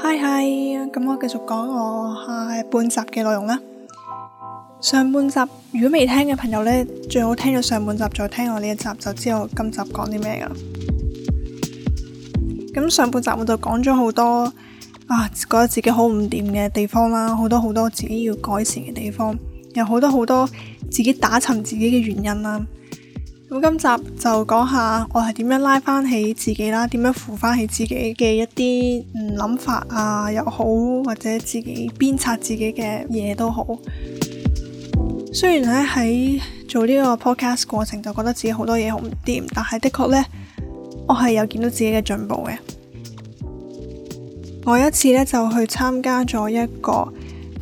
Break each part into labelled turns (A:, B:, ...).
A: 嗨嗨，咁我繼續講我下半集嘅內容啦。上半集如果未聽嘅朋友呢，最好聽咗上半集再聽我呢一集，就知我今集講啲咩㗎。咁上半集我就講咗好多啊，覺得自己好唔掂嘅地方啦，好多好多自己要改善嘅地方，有好多好多自己打沉自己嘅原因啦。咁今集就講下我係點樣拉翻起自己啦，點樣扶翻起自己嘅一啲諗法啊，又好或者自己鞭策自己嘅嘢都好。雖然咧，喺做呢個 podcast 過程就覺得自己好多嘢好唔掂，但係的確呢，我係有見到自己嘅進步嘅。我一次呢，就去參加咗一個。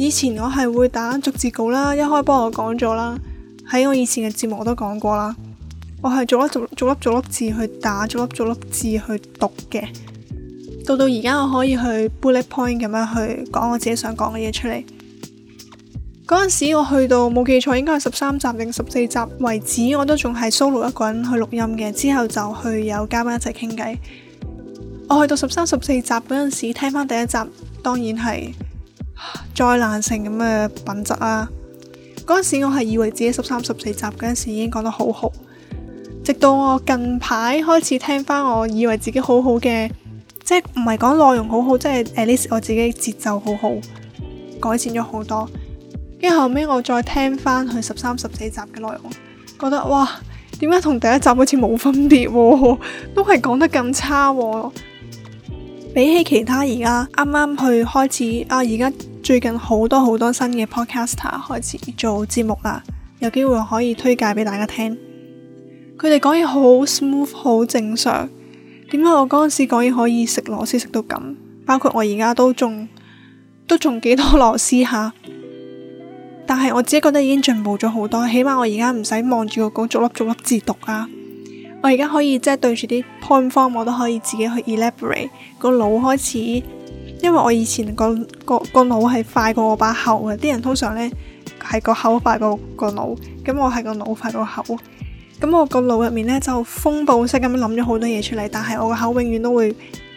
A: 以前我係會打逐字稿啦，一開波我講咗啦，喺我以前嘅節目我都講過啦，我係逐粒逐粒粒字去打，逐粒逐粒字去讀嘅。到到而家我可以去 bullet point 咁樣去講我自己想講嘅嘢出嚟。嗰陣時我去到冇記錯應該係十三集定十四集為止，我都仲係 solo 一個人去錄音嘅。之後就去有嘉賓一齊傾偈。我去到十三十四集嗰陣時，聽翻第一集，當然係。災難性咁嘅品質啊！嗰陣時我係以為自己十三十四集嗰陣時已經講得好好，直到我近排開始聽翻，我以為自己好好嘅，即係唔係講內容好好，即係 at least 我自己節奏好好，改善咗好多。跟住後尾我再聽翻佢十三十四集嘅內容，覺得哇，點解同第一集好似冇分別喎，都係講得咁差喎。比起其他而家啱啱去開始啊，而家。最近好多好多新嘅 podcaster 開始做節目啦，有機會可以推介俾大家聽。佢哋講嘢好 smooth，好正常。點解我嗰陣時講嘢可以食螺絲食到咁？包括我而家都仲都仲幾多螺絲下、啊。但係我自己覺得已經進步咗好多，起碼我而家唔使望住個稿逐粒逐粒字讀啦。我而家可以即係、就是、對住啲 point form，我都可以自己去 elaborate 個腦開始。因為我以前個個個腦係快過我把口嘅，啲人通常呢係個口快過個腦，咁我係個腦快過口，咁我個腦入面呢就風暴式咁樣諗咗好多嘢出嚟，但係我個口永遠都會誒、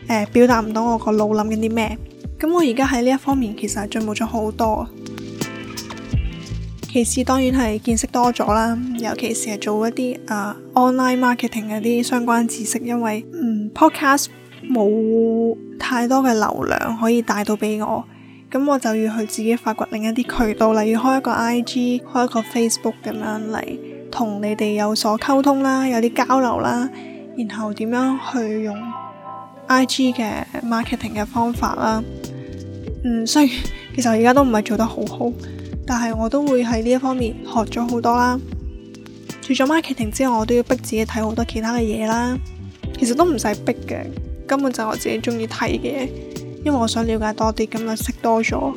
A: 呃、表達唔到我個腦諗緊啲咩，咁我而家喺呢一方面其實係進步咗好多。其次當然係見識多咗啦，尤其是係做一啲啊、呃、online marketing 嗰啲相關知識，因為嗯 podcast。冇太多嘅流量可以帶到俾我，咁我就要去自己發掘另一啲渠道，例如開一個 IG、開一個 Facebook 咁樣嚟同你哋有所溝通啦，有啲交流啦，然後點樣去用 IG 嘅 marketing 嘅方法啦。嗯，雖然其實我而家都唔係做得好好，但係我都會喺呢一方面學咗好多啦。除咗 marketing 之外，我都要逼自己睇好多其他嘅嘢啦。其實都唔使逼嘅。根本就係我自己中意睇嘅，因為我想了解多啲，咁咪識多咗。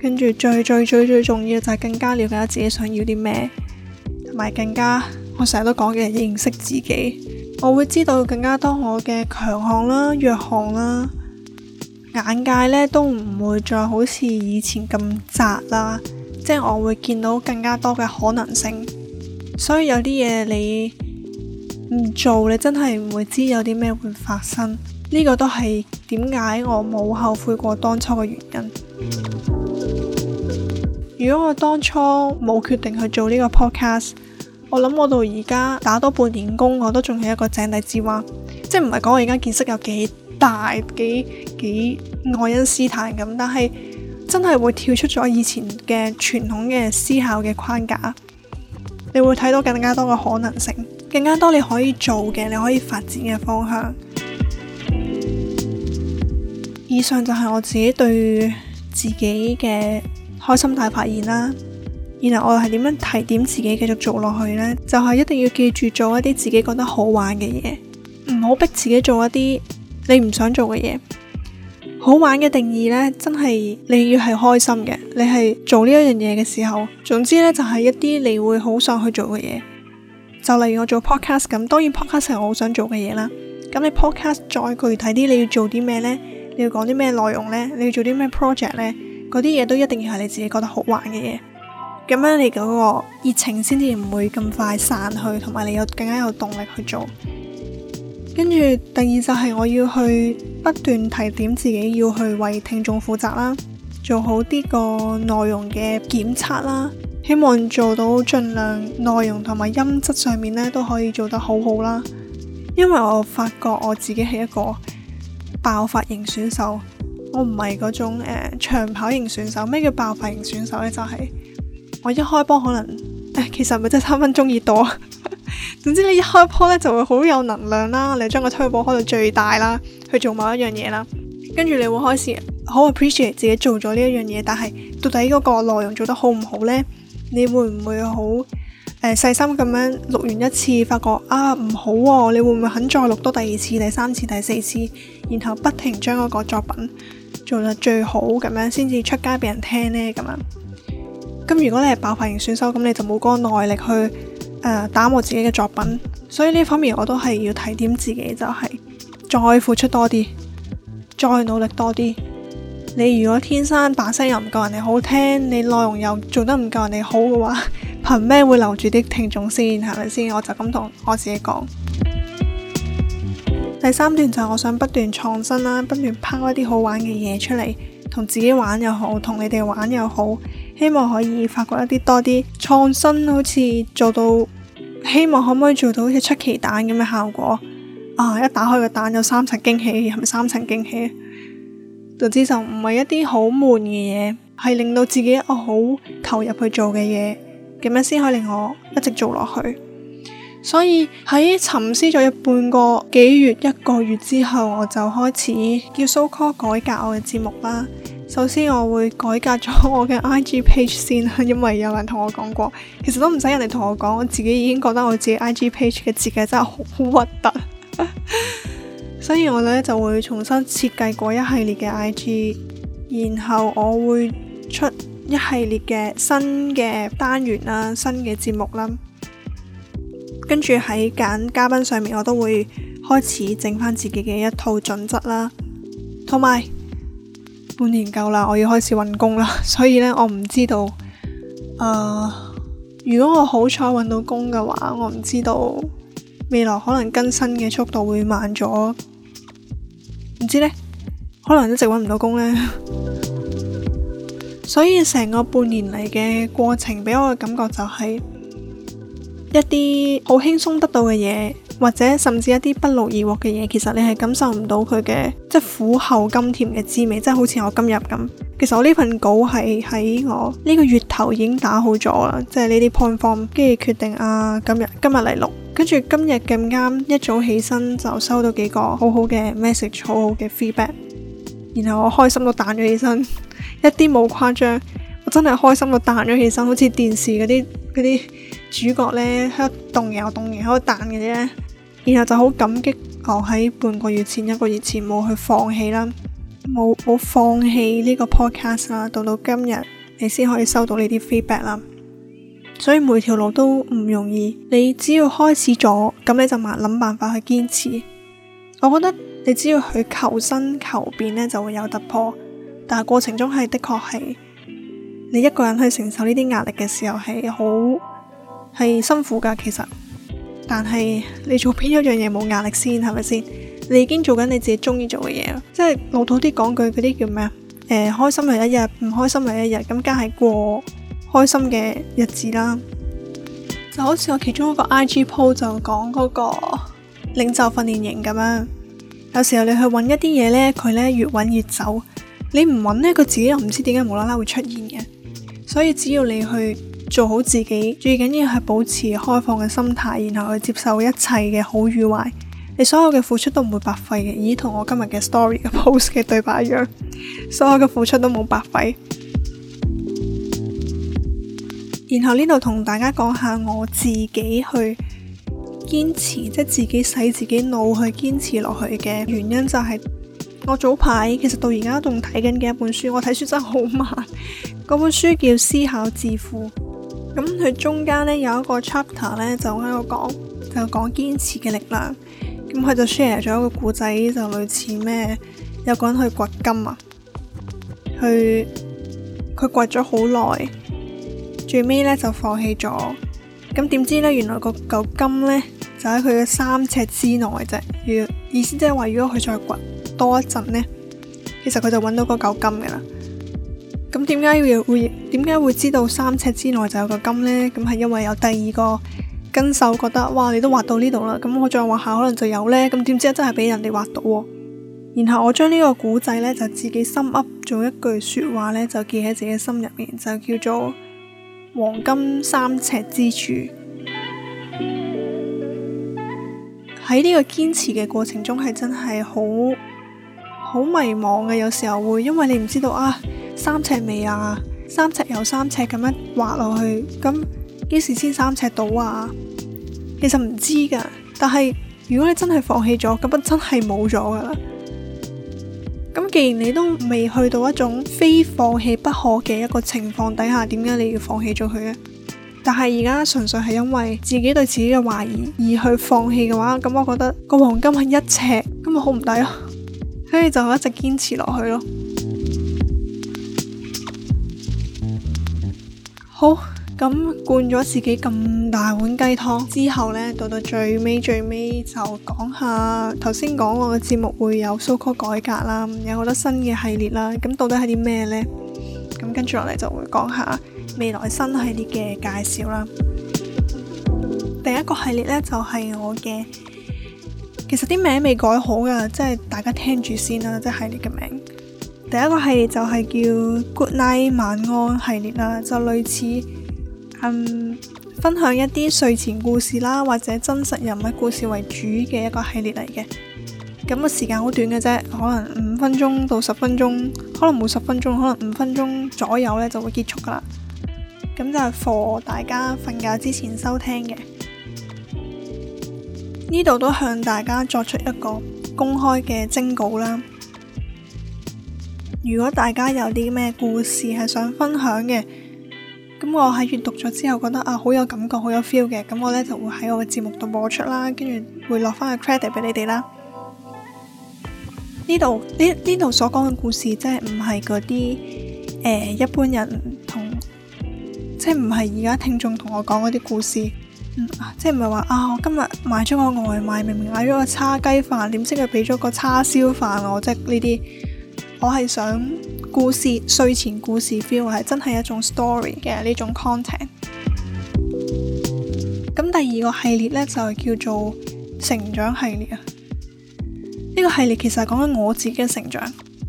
A: 跟住最最最最重要就係更加了解自己想要啲咩，同埋更加我成日都講嘅認識自己，我會知道更加多我嘅強項啦、弱項啦，眼界咧都唔會再好似以前咁窄啦，即係我會見到更加多嘅可能性。所以有啲嘢你。唔做，你真係唔會知有啲咩會發生。呢個都係點解我冇後悔過當初嘅原因。如果我當初冇決定去做呢個 podcast，我諗我到而家打多半年工，我都仲係一個井底之蛙，即係唔係講我而家見識有幾大幾幾愛因斯坦咁，但係真係會跳出咗以前嘅傳統嘅思考嘅框架，你會睇到更加多嘅可能性。更加多你可以做嘅，你可以發展嘅方向。以上就係我自己對自己嘅開心大發現啦。然後我係點樣提點自己繼續做落去呢？就係一定要記住做一啲自己覺得好玩嘅嘢，唔好逼自己做一啲你唔想做嘅嘢。好玩嘅定義呢，真係你要係開心嘅，你係做呢一樣嘢嘅時候，總之呢，就係一啲你會好想去做嘅嘢。就例如我做 podcast 咁，當然 podcast 係我好想做嘅嘢啦。咁你 podcast 再具體啲，你要做啲咩呢？你要講啲咩內容呢？你要做啲咩 project 呢？嗰啲嘢都一定要係你自己覺得好玩嘅嘢。咁樣你嗰個熱情先至唔會咁快散去，同埋你有更加有動力去做。跟住第二就係我要去不斷提點自己，要去為聽眾負責啦，做好啲個內容嘅檢測啦。希望做到盡量內容同埋音質上面咧都可以做得好好啦，因為我發覺我自己係一個爆發型選手，我唔係嗰種誒、uh, 長跑型選手。咩叫爆發型選手呢？就係、是、我一開波可能誒、哎，其實咪真係三分鐘熱度啊。 總之你一開波咧就會好有能量啦，你將個推波開到最大啦，去做某一樣嘢啦。跟住你會開始好 appreciate 自己做咗呢一樣嘢，但係到底嗰個內容做得好唔好呢？你會唔會好誒細心咁樣錄完一次，發覺啊唔好喎、啊，你會唔會肯再錄多第二次、第三次、第四次，然後不停將嗰個作品做得最好咁樣先至出街俾人聽呢？咁樣，咁如果你係爆發型選手，咁你就冇嗰個耐力去誒、呃、打磨自己嘅作品，所以呢方面我都係要提點自己，就係、是、再付出多啲，再努力多啲。你如果天生把聲又唔夠人哋好聽，你內容又做得唔夠人哋好嘅話，憑咩會留住啲聽眾先？係咪先？我就咁同我自己講。 第三段就係我想不斷創新啦，不斷拋一啲好玩嘅嘢出嚟，同自己玩又好，同你哋玩又好，希望可以發掘一啲多啲創新，好似做到希望可唔可以做到好似出奇蛋咁嘅效果啊！一打開個蛋有三層驚喜，係咪三層驚喜？總之就唔係一啲好悶嘅嘢，係令到自己我好投入去做嘅嘢，咁樣先可以令我一直做落去。所以喺沉思咗一半個幾月一個月之後，我就開始叫 so call 改革我嘅節目啦。首先我會改革咗我嘅 IG page 先，因為有人同我講過，其實都唔使人哋同我講，我自己已經覺得我自己 IG page 嘅設計真係好核突。 所以我呢就會重新設計嗰一系列嘅 IG，然後我會出一系列嘅新嘅單元啦、新嘅節目啦，跟住喺揀嘉賓上面，我都會開始整返自己嘅一套準則啦。同埋半年夠啦，我要開始揾工啦，所以呢我唔知道，誒、呃，如果我好彩揾到工嘅話，我唔知道未來可能更新嘅速度會慢咗。唔知咧，可能一直揾唔到工咧， 所以成個半年嚟嘅過程，俾我嘅感覺就係一啲好輕鬆得到嘅嘢，或者甚至一啲不勞而獲嘅嘢，其實你係感受唔到佢嘅即係苦後甘甜嘅滋味，即係好似我今日咁。其實我呢份稿係喺我呢個月頭已經打好咗啦，即係呢啲 point form，跟住決定啊今日今日嚟錄。跟住今日咁啱一早起身就收到幾個好好嘅 message，好好嘅 feedback，然後我開心到彈咗起身， 一啲冇誇張，我真係開心到彈咗起身，好似電視嗰啲啲主角呢，喺度動嘢，我動完喺度彈嘅呢。然後就好感激我喺半個月前一個月前冇去放棄啦，冇冇放棄呢個 podcast 啦，到到今日你先可以收到呢啲 feedback 啦。所以每條路都唔容易，你只要開始咗，咁你就麻諗辦法去堅持。我覺得你只要去求新求變呢，就會有突破。但係過程中係的確係你一個人去承受呢啲壓力嘅時候係好係辛苦噶。其實，但係你做邊一樣嘢冇壓力先，係咪先？你已經做緊你自己中意做嘅嘢，即係老土啲講句，嗰啲叫咩啊？欸，開心係一日，唔開心係一日，咁梗係過。開心嘅日子啦，就好似我其中一個 IG post 就講嗰個領袖訓練營咁樣，有時候你去揾一啲嘢呢，佢呢越揾越走，你唔揾呢，佢自己又唔知點解無啦啦會出現嘅。所以只要你去做好自己，最緊要係保持開放嘅心態，然後去接受一切嘅好與壞，你所有嘅付出都唔會白費嘅，而同我今日嘅 story 嘅 post 嘅對白一樣， 所有嘅付出都冇白費。然後呢度同大家講下我自己去堅持，即係自己使自己腦去堅持落去嘅原因就係我早排其實到而家仲睇緊嘅一本書，我睇書真係好慢。嗰 本書叫《思考致富》，咁佢中間呢有一個 chapter 呢，就喺度講，就講堅持嘅力量。咁佢就 share 咗一個故仔，就類似咩有個人去掘金啊，去佢掘咗好耐。最尾咧就放棄咗，咁點知咧原來個嚿金咧就喺佢嘅三尺之內啫。意意思即係話，如果佢再掘多一陣咧，其實佢就揾到嗰嚿金嘅啦。咁點解會會點解會知道三尺之內就有個金咧？咁係因為有第二個跟手覺得，哇！你都挖到呢度啦，咁我再挖下可能就有咧。咁點知真係俾人哋挖到喎。然後我將呢個古仔咧就自己深噏做一句説話咧，就記喺自己心入面，就叫做，黃金三呎之處，喺呢個堅持嘅過程中，係真係好好迷茫嘅。有時候會，因為你唔知道啊，三呎未啊，三呎又三呎咁樣滑落去，咁幾時先三呎到啊？其實唔知噶。但係如果你真係放棄咗，咁啊真係冇咗噶啦。既然你都未去到一種非放棄不可嘅一個情況底下，點解你要放棄咗佢咧？但係而家純粹係因為自己對自己嘅懷疑而去放棄嘅話，咁我覺得個黃金係一尺，咁咪好唔抵咯。所 以就一直堅持落去咯。好。咁灌咗自己咁大碗雞湯之後呢，到到最尾最尾就講下頭先講我嘅節目會有 so call 改革啦，有好多新嘅系列啦。咁到底係啲咩呢？咁跟住落嚟就會講下未來新系列嘅介紹啦。第一個系列呢，就係、是、我嘅，其實啲名未改好㗎，即係大家聽住先啦，即係系列嘅名。第一個系列就係叫 Good Night 晚安系列啦，就類似。嗯，um, 分享一啲睡前故事啦，或者真實人物故事為主嘅一個系列嚟嘅。咁個時間好短嘅啫，可能五分鐘到十分鐘，可能冇十分鐘，可能五分鐘左右呢就會結束噶啦。咁就係課大家瞓覺之前收聽嘅。呢度都向大家作出一個公開嘅徵稿啦。如果大家有啲咩故事係想分享嘅，咁我喺閱讀咗之後，覺得啊好有感覺，好有 feel 嘅，咁我咧就會喺我嘅節目度播出啦，跟住會落翻個 credit 俾你哋啦。呢度呢，呢度所講嘅故事，即係唔係嗰啲誒一般人同，即係唔係而家聽眾同我講嗰啲故事，嗯，即係唔係話啊我今日買咗個外賣，明明買咗個叉雞飯，點知佢俾咗個叉燒飯我，即係呢啲，我係想。故事、睡前故事 feel 係真係一種 story 嘅呢種 content。咁第二個系列呢，就係叫做成長系列啊。呢個系列其實講緊我自己嘅成長。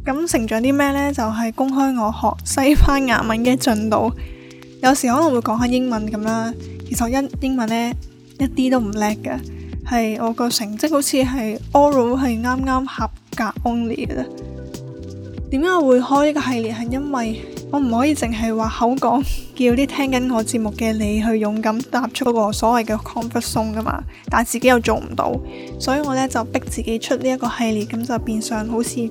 A: 咁成長啲咩呢？就係公開我學西班牙文嘅進度。有時可能會講下英文咁啦。其實我英英文呢，一啲都唔叻嘅，係我個成績好似係 oral 係啱啱合格 only 嘅。點解我會開呢個系列？係因為我唔可以淨係話口講，叫啲聽緊我節目嘅你去勇敢踏出嗰個所謂嘅 comfort zone 噶嘛但係自己又做唔到，所以我咧就逼自己出呢一個系列，咁就變相，好似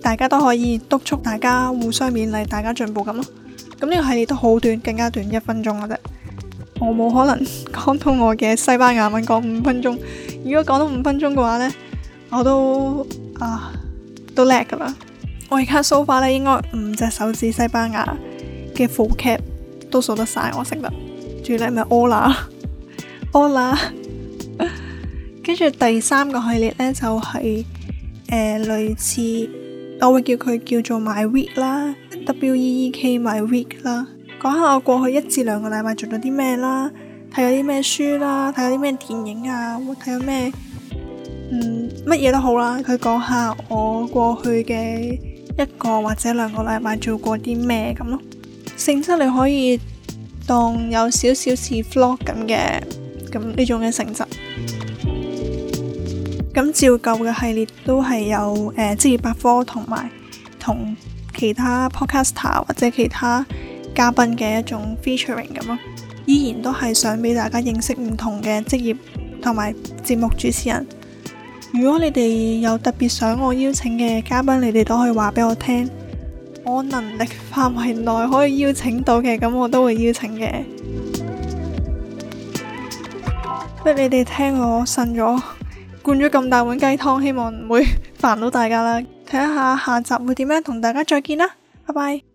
A: 大家都可以督促大家互相勉勵，大家進步咁咯。咁呢個系列都好短，更加短，一分鐘嘅啫。我冇可能講通我嘅西班牙文講五分鐘，如果講到五分鐘嘅話呢，我都啊都叻噶啦～我而家 so far 咧，應該五隻手指西班牙嘅 full cap 都數得晒，我識得。最叻咪、就是、Ola Ola，跟住第三個系列呢就係、是、誒、呃、類似，我會叫佢叫做 my week 啦，W E E K my week 啦。講下我過去一至兩個禮拜做咗啲咩啦，睇咗啲咩書啦，睇咗啲咩電影啊，睇咗咩，嗯，乜嘢都好啦。佢講下我過去嘅。一個或者兩個禮拜做過啲咩咁咯，性質你可以當有少少似 vlog 咁嘅，咁呢種嘅性質。咁 照舊嘅系列都係有誒、呃、職業百科同埋同其他 podcaster 或者其他嘉賓嘅一種 featuring 咁咯，依然都係想俾大家認識唔同嘅職業同埋節目主持人。如果你哋有特別想我邀請嘅嘉賓，你哋都可以話俾我聽，我能力範圍內可以邀請到嘅，咁我都會邀請嘅。俾 你哋聽我呻咗，灌咗咁大碗雞湯，希望唔會煩到大家啦。睇下下集會點樣同大家再見啦，拜拜。